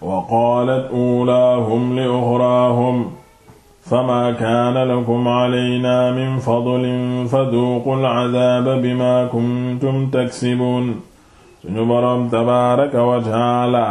wa qaalat ulaahum li uxraahum famaa kaana lakum calaynaa min fadlin faduuqu alcadaaba bimaa kuntum taksibuun suñu boroom tabaaraka wa taala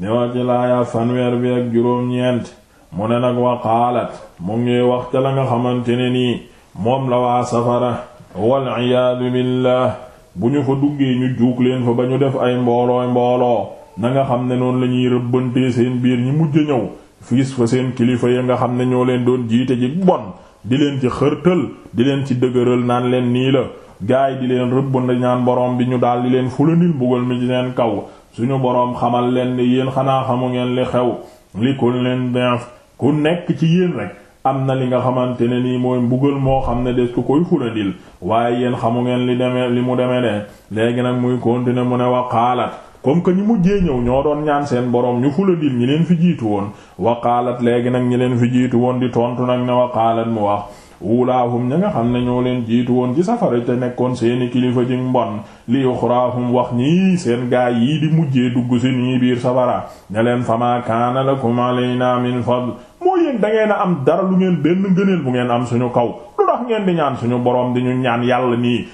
di wax ci laaya fanweer bi ak juróom-ñeent mu ne nag wa qaalat mu ngi wax ca la nga xamante ne nii moom la waa safara wal ciyaadu billah bu ñu fa duggee ñu juug leen fa ba ñu def ay mboolooy mbooloo na nga xam ne noonu la ñuy rëbbantee seen biir ñi mujj ñëw fiis fa seen kilifa yi nga xam ne ñoo leen doon jiite ji bon di leen ci xërtël di leen ci dëgëral naan leen nii la gaay di leen rëbbante ñaan borom bi ñu daal di leen fulanil mbugal mi ci seen kaw suñu boroom xamal leen ni yéen xanaa xamu ngeen li xew li kun leen def ku nekk ci yéen rek am na li nga xamante ne nii mooy mbugal moo xam ne des ku koy fulanil waaye yéen xamu ngeen li demee li mu demee de léegi nag muy continuer mu ne wa xaalat comme que ñu mujjee ñëw ñoo doon ñaan seen borom ñu fula dil ñi leen fi jiitu woon waxaalat léegi nag ñi leen fi jiitu woon di tontu nag ne waqaalat mu wax wulaahum ña nga xam ne ñoo leen jiitu woon ci safara te nekkoon seeni kilifa ci mbon li uxraahum wax ñii seen gaay yii di mujjee dugg si nii biir safara ne leen fama kaana lakum alayna min fadl moo yéen da ngeen a am dara lu ngeen benn ngëneel bu ngeen am suñu kaw lu tax ngeen di ñaan suñu borom di ñaan yàlla nii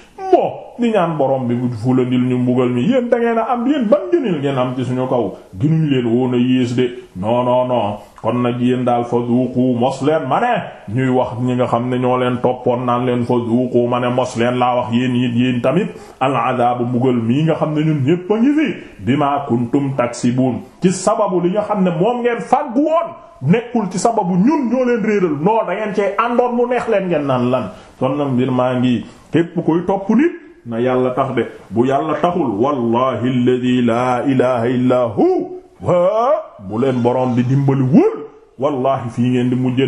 di ñaan borom bi bu fulandil ñu mbugal mi yéen da ngeen a am yéen ban gënil ngeen am ci suñu kaw ginuñ leen woon a yées de noo non non kon nag yéen daal fa duuqu mos leen ma ne ñuy wax ñi nga xam ne ñoo leen toppoon naan leen fa duuqu ma ne mos leen laa wax yéen it yéen tamit aladabu mbugal mii nga xam ne ñun ñépp a ngi fi bima kuntum buum ci sababu li nga xam ne moom ngeen fàggu woon nekkul ci sababu ñun ñoo leen réeral non da ngeen cee àndoon mu neex leen ngeen naan lan kon nag mbir maa ngi képp koy na yàlla tax de bu yàlla taxul wallahi alladhi la ilaha illa hu bu leen borom bi dimbali wul wallahi fii ngeen di mujj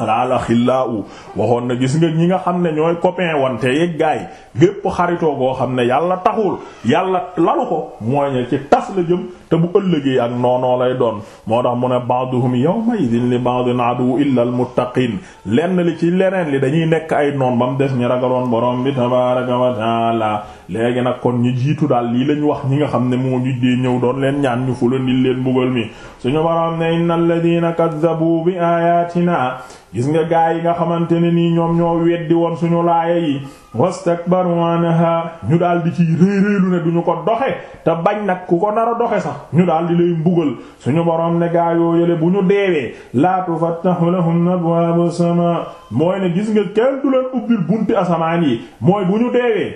alaala xillaa u waxoon na gis nga ñi nga xam ne ñooy copain wante yeeg gaay gépp xaritoo goo xam ne yàlla taxul yàlla lalu ko mooy ne ci tas la jëm te bu ëllëgee ak noonoo lay doon moo tax mu ne ba'duhum yawma idin li ba'din adu illa al muttaqin lenn li ci leneen li dañuy nekk ay noon ba mu des ñi ragaloon borom bi tabaaraka wa taala léegi nag kon ñu jiitu daal lii lañu wax ñi nga xam ne moo juddee ñëw doon leen ñaan ñu fulandil leen mbugal mi suñu boroom ne innal ladina kaddabu bi ayatina gis nga gaa yi nga xamante ne nii ñoom ñoo weddi woon suñu laaya yi wastakbaru anha ñu daal di ciy réeréelu ne duñu ko doxe te bañ nag ku ko nar a doxe sax ñu daal di lay mbugal suñu boroom ne gaa yële bu ñu deewee la tufattahu lahum abwaabu sama mooy ne gis nga kenn du leen ubbil asamaan yi mooy bu ñu deewee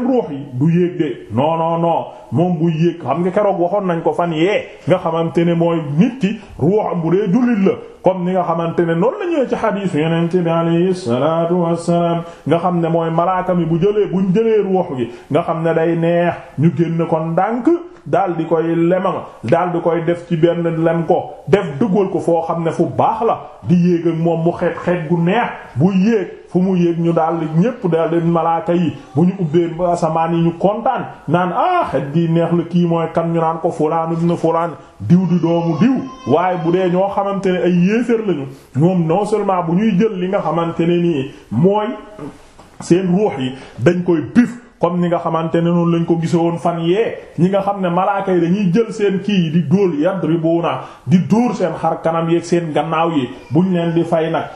même ruux yi du yéeg de non moom bu yéeg xam nga keroog waxoon nañ ko fan yee nga xamante ne mooy nit ki am bu dee jullit la kon ni nga xamante ne noonu la ñëwee ci xadiis yonent bi alayhi salaatu wassalaam nga xam ne mooy malaaka mi bu jëlee buñ jëlee ruux gi nga xam ne day neex ñu génn ko ndànk daal di koy lema daal di koy def ci benn lem ko def dëggal ko foo xam ne fu baax la di yéeg moom mu xeet xeet gu neex bu yéeg fu mu yéeg ñu daal ñépp daal di malaaka yi bu ñu ubbee asamaan yi ñu kontaan naan ah xet gi neex la kii mooy kan ñu naan ko fulaan ibn fulaan diw di doomu diw waaye bu dee ñoo xamante ne ay yéeféer lañu ñoom non seulement bu ñuy jël li nga xamante ne nii mooy seen ruux yi dañ koy bif kon ñi nga xamante ne noonu lañ ko gisoon fan yee ñi nga xam ne malaaka yi dañuy jël seen kii yi di dóol yadribuna di duur seen xar kanam yeeg seen gannaaw yi buñ leen di fay nag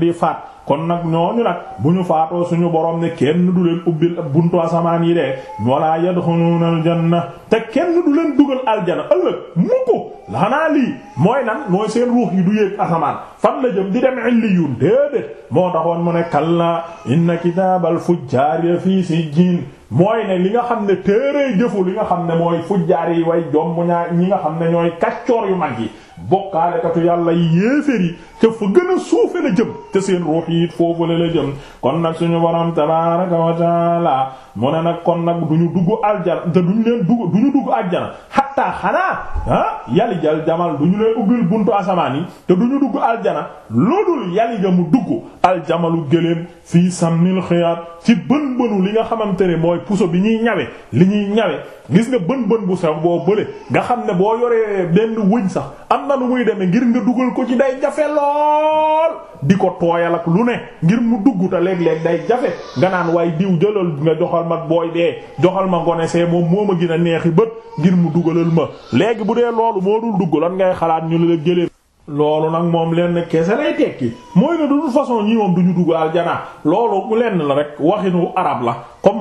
di faat kon nag ñooñu nag bu ñu faatoo suñu borom ne kenn du leen ubbil buntu asamaan yi de wala yadxuluuna na te kenn du leen dugal aljana ëllëg mu ko xanaa lii mooy nan mooy seen ruux yi du yéeg asamaan fan la jëm di dem illiyuun déedéet moo taxoon mu ne kalla inna kitaabal fujjaari fii sijjiin mooy ne li nga xam ne téere jëfu li nga xam ne mooy fujjaar yi way jom ñaa ñi nga xam ne ñooy kaccoor yu mag yi bokkaalekatu yàlla yi yéefér yi te fa gën a suufe la jëm te seen ruux yi it foofu la la jëm kon nag suñu borom tabaaraka wa taala mu ne nag kon nag du ñu dugg aljana te du ñu leen dugg du ñu dugg aljana xatta xanaa ah yalijal jamal du ñu leen ubbil buntu asamaan yi te du ñu dugg aljana loolu yalija mu dugg aljamalu gëléem fii samnil xiyaat ci bën bënu li nga xamante ne mooy puso bi ñuy ñawe li ñuy ñawe gis nga bën bën bu sew boo bële nga xam ne boo yoree benn wëñ sax am na lu muy demee ngir nga dugal ko ci day jafe lool di ko tooyal ak lu ne ngir mu dugg te léeg-léeg day jaf nga naan waaye diw joxal ma booy bee joxal ma ngone see moom moo ma gën a neexi bët ngir mu dugalal ma léegi bu dee loolu moo dul dugg lan ngay xalaat ñu la jëlee. loolu nag moom lenn kese lay tekki mooy ne de toute façon ñi moom duñu ñu dugg aljana loolu lenn la rek waxinu arab la.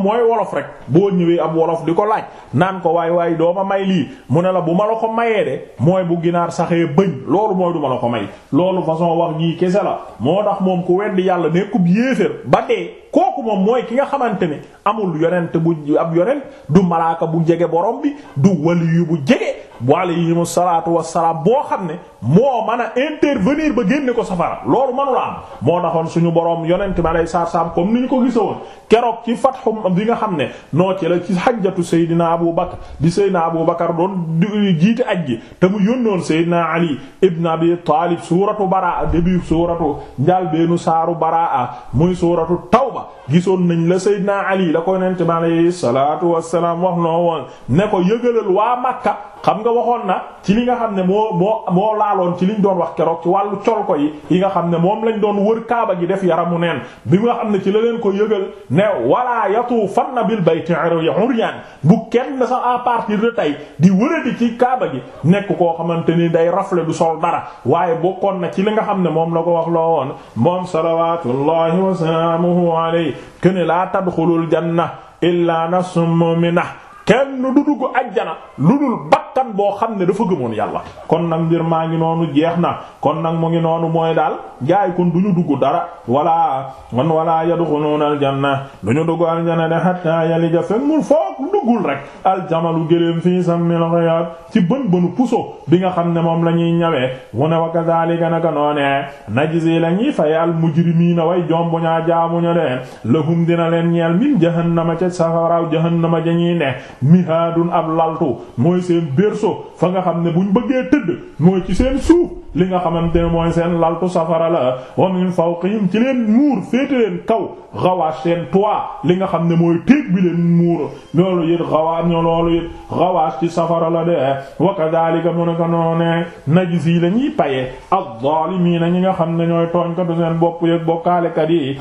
mooy wolof rek boo ñëwee ab wolof di ko laaj naan ko waay waay doo ma may lii mu ne la bu ma la ko mayee de mooy bu ginaar saxee bëñ loolu mooy du ma la ko may loolu façon wax jii kese la moo tax moom ku weddi yàlla nekkub yéeféer ba dee kooku moom mooy ki nga xamante ne amul yonent bu ab yonent du malaaka bu jege borom bi du waliyu bu jege bu alayhimu salaatu wassalaam boo xam ne moo mën a intervenir ba génne ko safara loolu mënula am moo taxoon suñu borom yonent ma lay saar saam comme ni ñu ko gisoon keroog ci fatxum bi nga xam ne noo ci la ci xajjatu Seydina Abu Bakar di Seydina Abu Bakar doon jiite aj te mu yónnoon Seydina Ali ibn Abi Talib suuratu baraa début suuratu njàlbeenu saaru baraa muy suuratu tawba gisoon nañ la Seydina Ali la ko yonent ma lay salaatu wassalaam wax noo woon ne ko yëgalal waa Makka xam nga waxoon na ci li nga xam ne moo moo moo laaloon ci liñ doon wax keroog ci wàllu col yi yi nga xam ne moom lañ doon wër kaaba gi def yaramu neen bi nga xam ne ci la leen ko yëgal ne wala yatuufanna bil bayti uryan bu kenn sa à partir de tey di wëradi ci kaaba gi nekk koo xamante ni day rafle du sol dara waaye bokkoon na ci li nga xam ne moom la ko wax loo woon moom salawatullahi wa salaamuhu alayhi kene laa tadxulul janna illa nafsun na kenn du dugg ajjana lu dul bakkan boo xam ne dafa gëmoon yàlla kon nag mbir maa ngi noonu jeex na kon nag mu ngi noonu mooy daal gaay kon du ñu dugg dara wala man wala yadxuluna aljanna du ñu dugg aljanna de hatta yalija femmul foog duggul rek aljamalu gëléem fii sammil xiyaat ci bën bënu puso bi nga xam ne moom la ñuy ñawee mu ne wa kadhalika naka noonee najzi la ñuy faye al mujrimiina way jombu ñaa ña de lahum dina leen ñeel min jahannama ca safaraaw jahannama jañuy ne mihaadun ab laltu mooy seen berceau fa nga xam ne buñ bëggee tëdd mooy ci seen suuf li nga xamante ne mooy seen laltu safara la wa min fawqihim ci leen muur féete leen kaw gawaas seen toit li nga xam ne mooy téeg bi leen muur loolu yit gawaas ñoo loolu yit gawaas ci safara la de wa kadhalika mu ne ko noone najzi lañuy paye ad-zaalimiina ñi nga xam ne ñooy tooñ ko du seen bopp yëg bokkaalekat yi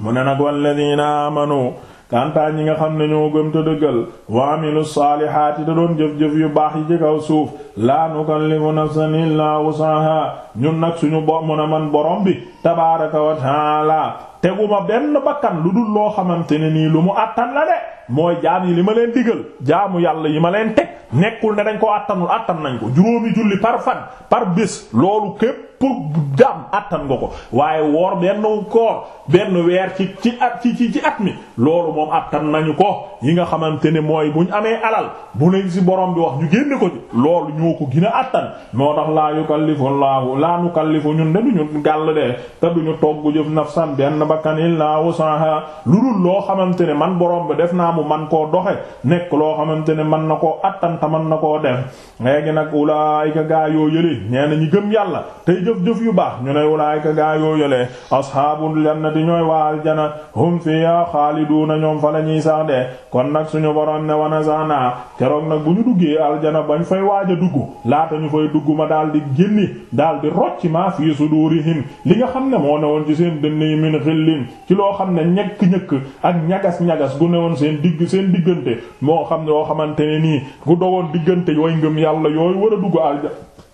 mu ne nag walladhiina amanu kantaa ñi nga xam ne ñoo gëm te dëggal wa amilu saalihaati te doon jëf-jëf yu baax yi ci kaw suuf laa nukallifu nafsan illaa wusaha ñun nag suñu bo mu ne man borom bi tabaaraka wa taala teguma benn bakkan lu dul loo xamante ne nii lu mu àttan la de mooy jaam yi li ma leen digal jaamu yàlla yi ma leen teg nekkul ne dañ ko àttanul attan nañ ko juróomi julli par fan par bés loolu képp jaam àttan nga ko waaye woor benn koor benn weer ci ci at ci at mi loolu moom àttan nañu ko yi nga xamante ne mooy buñ amee alal bu nañ ci borom bi wax ñu génn ñoo ko gën a àttan moo tax laa yukallifu laahu laa nukallifu ñun de duñu gàll de te duñu togg jëf nafsan benn bakkan illaa wusaha lu dul loo xamante ne man borom bi def naa mu man koo doxe nekk loo xamante ne man na koo àttan ta na koo def léegi nag ulaayika gaa yoo yëlee nee na ñi gëm yàlla tey jëf-jëf yu baax ñu ne ulaayika gaa yoo yëlee ashaabul jannati ñooy waa aljana a fiya xaaliduuna ñoom fa la ñuy sax de kon nag suñu borom ne wana sana dugg laata ñu koy dugg ma daal di génni daal di rocc maa fii sudurihim li nga xam ne moo newoon ci seen dënn yi min xillin ci loo xam ne ñekk-ñëkk ak ñagas-ñagas gu newoon seen digg seen diggante moo xam ne yoo xamante ne nii gu dogoon diggante yooy ngëm yàlla yooyu war a dugg alja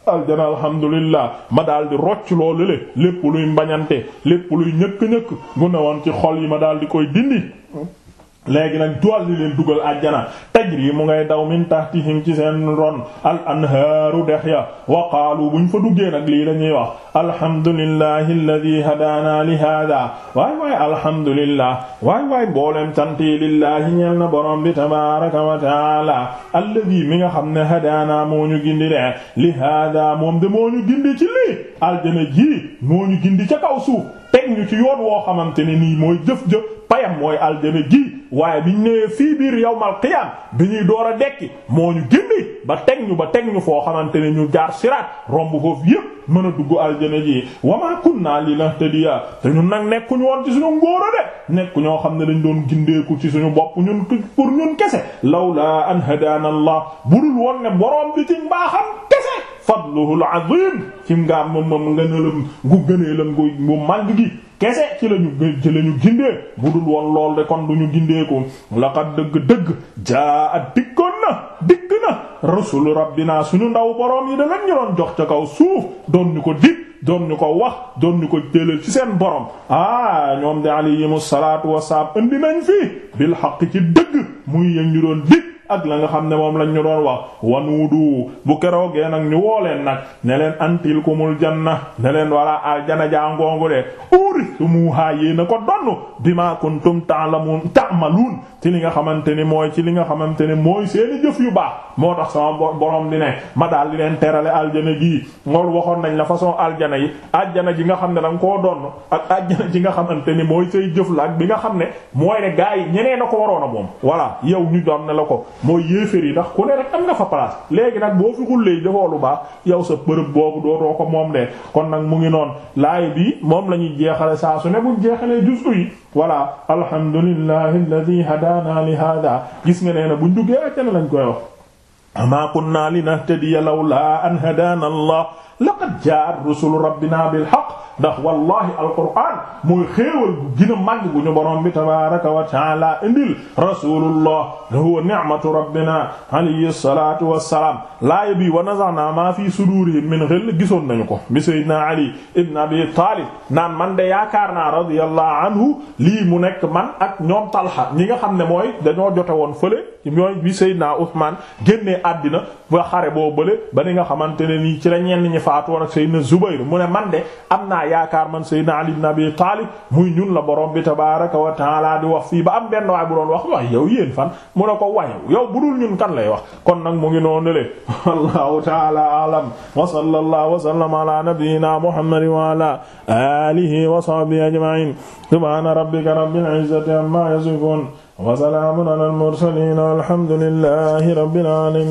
aljana alhamdulillah ma daal di rocc loolu le lépp luy mbañante lépp luy ñëkk-ñëkk gu woon ci xol yi ma daal di koy dindi léegi nag dool li leen dugal àjjana tajri mu ngay daw min tahtihim ci seen ron al anhaaru dex ya wa qaalu buñ fa duggee nag lii la ñuy wax alhamdulillahi alladi hadaana li hada waay waay alhamdulillah waay waay mbooleem cantii bi tabaraka wa taala alladi mi nga xam ne hadaana moo ñu gindi de li hada moom de moo ñu gindi ci lii aljana ji moo ñu gindi ca kaw suuf teg ñu ci yoon woo xamante ni nii mooy jëf-jëf payam mooy aljana ji waaye biñ nee fii biir yawmal qiyaam bi ñuy door a dekki moo ñu gindi ba teg ñu ba teg ñu foo xamante ne ñu jaar siraat romb foofu yépp mën a dugg aljana ji wama kunna li nahtadiya te ñu nag nekkuñu woon ci suñu ngóoro de nekku ñoo xam ne dañ doon gindeeku ci suñu bopp ñun pour ñun kese lawla an hadaana bu budul woon ne borom bi ci mbaaxam kese fadluhu al azim ci nga moom moom nga nëlam la gëneelam gu màgg gi kese ci lañu ci lañu gindee bu dul woon lool de kon du ñu gindee ko laqad dëgg-dëgg jaa at dikkoon na dikk na rasul rabbina suñu ndaw boroom yi da lañ ñu doon jox ca kaw suuf doon ñu ko dig doon ñu ko wax doon ñu ko téelal ci seen borom ah ñoom de alayhimu salaatu wasalaam indi nañ fii bil xaq ci dëgg muy yëg ñu doon dig ak la nga xam ne moom lañ ñu doon wax wanuudu bu keroogee nag ñu woo leen nag ne leen antil kumul janna ne leen wala aljana jaa ngongu de uristumuha yéena ko donn bima kuntum ta'lamun ta'malun ci li nga xamante ni mooy ci li nga xamante ni mooy seeni jëf yu baax moo tax sama borom di ne ma daal leen terale aljana jii ngool waxoon nañ la façon aljana yi aljana ji nga xam ne da nga koo donn ak aljana ji nga xamante ni mooy say jëf la ak bi nga xam ne mooy ne gaa yi ñeneen a ko waroon a moom voilà yow ñu doon ne la ko mooy yéeféer yi ndax ku ne rek am nga fa place léegi nag boo fi xullee defoo lu baax yow sa bërëb boobu dootoo ko moom de kon nag mu ngi noonu laay bi moom la ñuy jeexale saa su ne buñ jeexalee juzu yi voilà alhamdulillahi alladhi hadana li hada gis nga nee na buñ duggee àjjana lañ koy wax ama kunna linahtadiya lawla an hadana allah laqad ja'at rusulu rabbina bil haqq ndax wallahi alquran mooy xéewal bu gën bu ñu borom bi tabaraka wa taala indil rasulullah huwa ni'matu rabbina alayhi salatu wassalam laaya bi wa nazana ma fi sudurihim min ghil gisoon nañu ko bi sayyidina ali ibn abi talib naan man de yaakaar naa radiyallahu anhu lii mu nekk man ak ñoom talha ñi nga xam ne mooy dañoo jote woon fële mooy bi sayyidina usman génnee àddina ba xare boo bële ba ni nga xamante ne nii ci la ñenn ñi faatu woon ak sayyidina zubayr mu ne man de am naa yaakaar man Seydina Ali ibn Abi Talib muy ñun la borom bi tabaaraka wa taala di wax fii ba am benn waay bu doon wax waaye yow yéen fan mu ne ko wañew yow bu dul ñun kan lay wax kon nag mu ngi noonu le wallahu taala alam wa sallallahu wa sallama ala nabiyyina muhammadin wa ala alihi wa sahbihi ajma'in subhana rabbika rabbil izzati amma yasifun wa salamun ala al mursalin walhamdulillahi rabbil alamin